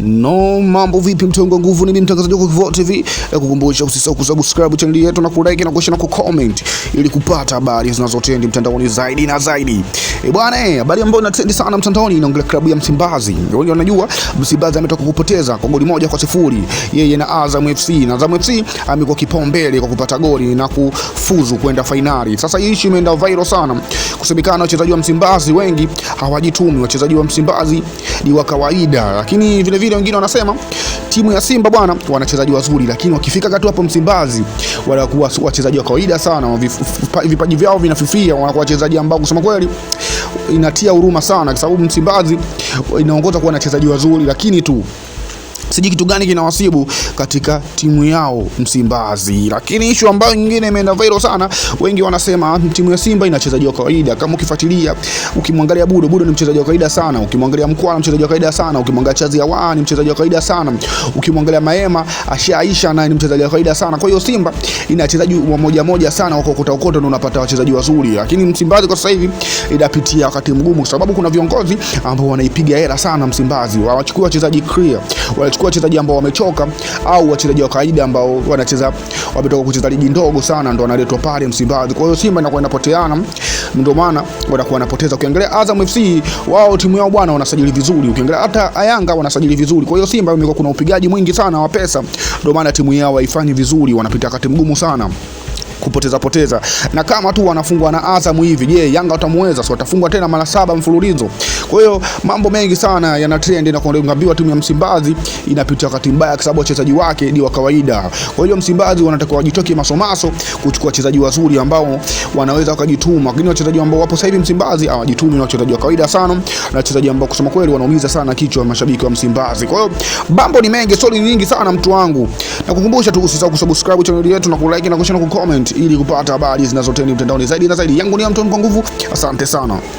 No, mambo vipi, mtongo wa nguvu, ni mimi mtangazaji wako Kivoo TV, na usisahau kusubscribe channel yetu na kulike na kushare na kucomment ili kupata habari zinazotendi mtandaoni zaidi na zaidi. Eh bwana, eh, habari ambayo inatendi sana mtandaoni inaongelea klabu ya Msimbazi. Wengi wanajua Msimbazi ametoka kupoteza kwa goli moja kwa sifuri yeye na Azam FC, na Azam FC amekuwa kipaumbele kwa kupata goli na kufuzu kwenda fainali. Sasa hii issue imeenda viral sana, kusemekana wachezaji wa Msimbazi wengi hawajitumi, wachezaji wa Msimbazi ni wa kawaida, lakini vile vile vile wengine wanasema timu ya Simba bwana, wanachezaji wazuri, lakini wakifika kati hapo Msimbazi wanakuwa wachezaji wa kawaida sana, vipaji vyao vinafifia, wanakuwa wachezaji ambao kusema kweli inatia huruma sana, kwa sababu Msimbazi inaongoza kuwa na wachezaji wazuri, lakini tu sijui kitu gani kinawasibu katika timu yao Msimbazi. Lakini ishu ambayo nyingine imeenda viral sana, wengi wanasema timu ya Simba ina wachezaji wa kawaida. Kama ukifuatilia, ukimwangalia Budo, Budo ni mchezaji wa kawaida sana, ukimwangalia Mkwala ni mchezaji wa kawaida sana, ukimwangalia Chazi Awa ni mchezaji wa kawaida sana, ukimwangalia Maema Ashaisha naye ni mchezaji wa kawaida sana. Kwa hiyo Simba ina wachezaji wa moja moja sana, wako kota kota, ndio unapata wachezaji wazuri. Lakini Msimbazi kwa sasa hivi inapitia wakati mgumu, kwa sababu kuna viongozi ambao wanaipiga hela sana Msimbazi, wawachukua wachezaji clear wale kuchukua wachezaji ambao wamechoka au wachezaji wa kawaida ambao wanacheza wametoka kucheza ligi ndogo sana, ndo wanaletwa pale Msimbazi. Kwa hiyo Simba inakuwa inapoteana, ndio maana wanakuwa wanapoteza. Ukiangalia Azam FC, wao timu yao bwana, wanasajili vizuri. Ukiangalia hata Yanga wanasajili vizuri. Kwa hiyo Simba imekuwa kuna upigaji mwingi sana wa pesa, ndio maana timu yao haifanyi vizuri, wanapita wakati mgumu sana kupoteza poteza. Na kama tu wanafungwa na Azam hivi, je, Yanga watamweza? Si watafungwa tena mara saba mfululizo? Kwa hiyo mambo mengi sana yana trend na kuambiwa timu ya Msimbazi inapitia wakati mbaya kwa sababu wachezaji wake ni wa kawaida. Kwa hiyo Msimbazi wanataka wajitoke masomaso kuchukua wachezaji wazuri ambao wanaweza wakajituma, lakini wachezaji ambao wapo sasa hivi Msimbazi hawajitumi, na wachezaji wa kawaida sana, na wachezaji ambao kusema kweli wanaumiza sana kichwa mashabiki wa Msimbazi. Kwa hiyo mambo ni mengi, stori nyingi sana mtu wangu, nakukumbusha tu usisahau kusubscribe channel yetu na kulike na kushare na kucomment ili kupata habari zinazoteni mtandaoni zaidi na zaidi. Yangu ni Amton kwa nguvu, asante sana.